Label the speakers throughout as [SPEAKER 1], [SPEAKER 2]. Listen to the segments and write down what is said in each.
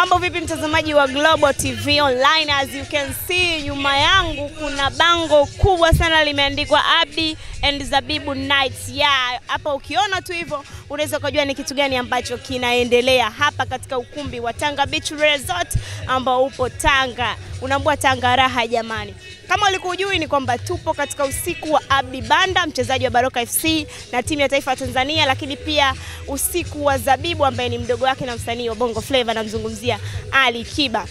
[SPEAKER 1] Mambo vipi mtazamaji wa Global TV Online? As you can see nyuma yangu kuna bango kubwa sana limeandikwa Abdi and Zabibu Nights. Yeah, hapa ukiona tu hivyo unaweza ukajua ni kitu gani ambacho kinaendelea hapa katika ukumbi wa Tanga Beach Resort ambao upo Tanga. Unaambua Tanga raha jamani. Kama ulikujui ni kwamba tupo katika usiku wa Abdi Banda, mchezaji wa Baroka FC na timu ya taifa ya Tanzania, lakini pia usiku wa Zabibu ambaye ni mdogo wake na msanii wa Bongo Flava, namzungumzia Ali Kiba.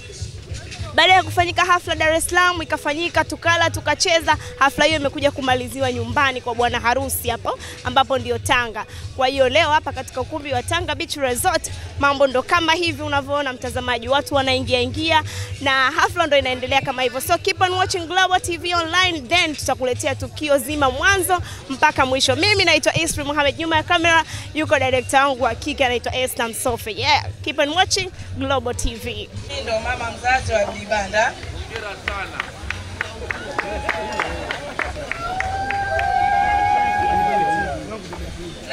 [SPEAKER 1] Baada ya kufanyika hafla Dar es Salaam, ikafanyika tukala, tukacheza. Hafla hiyo imekuja kumaliziwa nyumbani kwa bwana harusi hapo, ambapo ndio Tanga. Kwa hiyo leo hapa katika ukumbi wa Tanga Beach Resort mambo ndo kama hivi unavyoona mtazamaji, watu wanaingia ingia na hafla ndo inaendelea kama hivyo. So keep on watching Global TV Online, then tutakuletea tukio zima mwanzo mpaka mwisho. Mimi naitwa Isri Mohamed, nyuma ya kamera yuko director wangu wa kike anaitwa Esther Sofi. Yeah, keep on watching Global TV.
[SPEAKER 2] Ndio mama mzazi wa bibi kibanda. Hongera sana.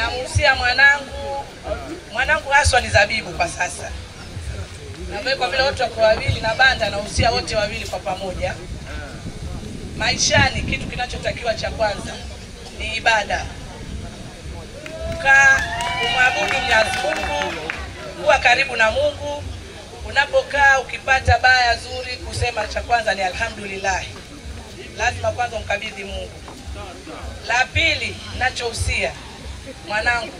[SPEAKER 2] Namuhusia mwanangu, mwanangu haswa ni Zabibu kwa sasa, na kwa vile wote wako wawili na banda, nahusia wote wawili kwa pamoja. Maishani kitu kinachotakiwa cha kwanza ni ibada, kukaa kumwabudu Mwenyezi Mungu, kuwa karibu na Mungu unapokaa ukipata baya zuri kusema cha kwanza ni alhamdulillah, lazima kwanza mkabidhi Mungu. La pili nachohusia mwanangu,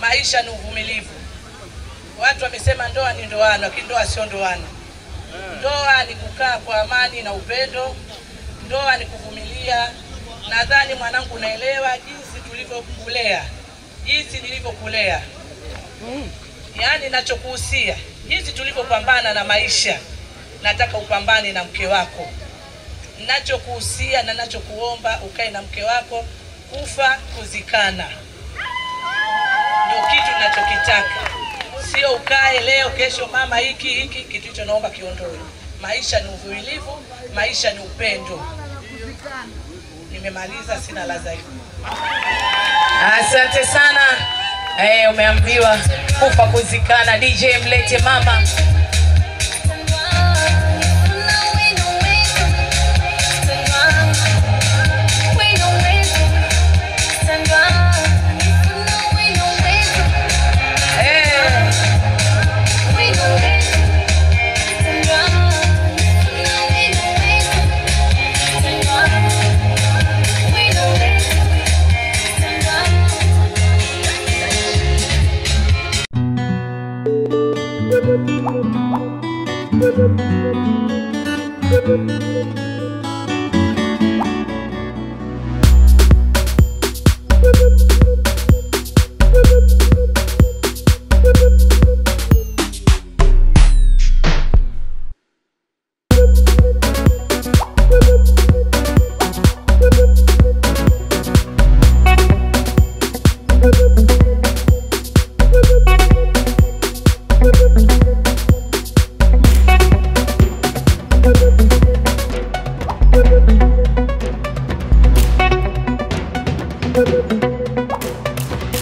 [SPEAKER 2] maisha ni uvumilivu. Watu wamesema ndoa ni ndoano, lakini ndoa sio ndoano. Ndoa ni kukaa kwa amani na upendo, ndoa ni kuvumilia. Nadhani mwanangu, unaelewa jinsi tulivyokulea, jinsi nilivyokulea, hmm. yaani nachokuhusia, jinsi tulivyopambana na maisha nataka upambane na mke wako. Nachokuhusia na nachokuomba ukae na mke wako, kufa kuzikana ndio kitu nachokitaka, sio ukae leo kesho mama hiki hiki. Kitu hicho naomba kiondoe. Maisha ni uvumilivu, maisha ni upendo. Nimemaliza, sina la zaidi.
[SPEAKER 3] Asante sana. Hey, eh, umeambiwa kufa kuzikana. DJ mlete mama. Thank you.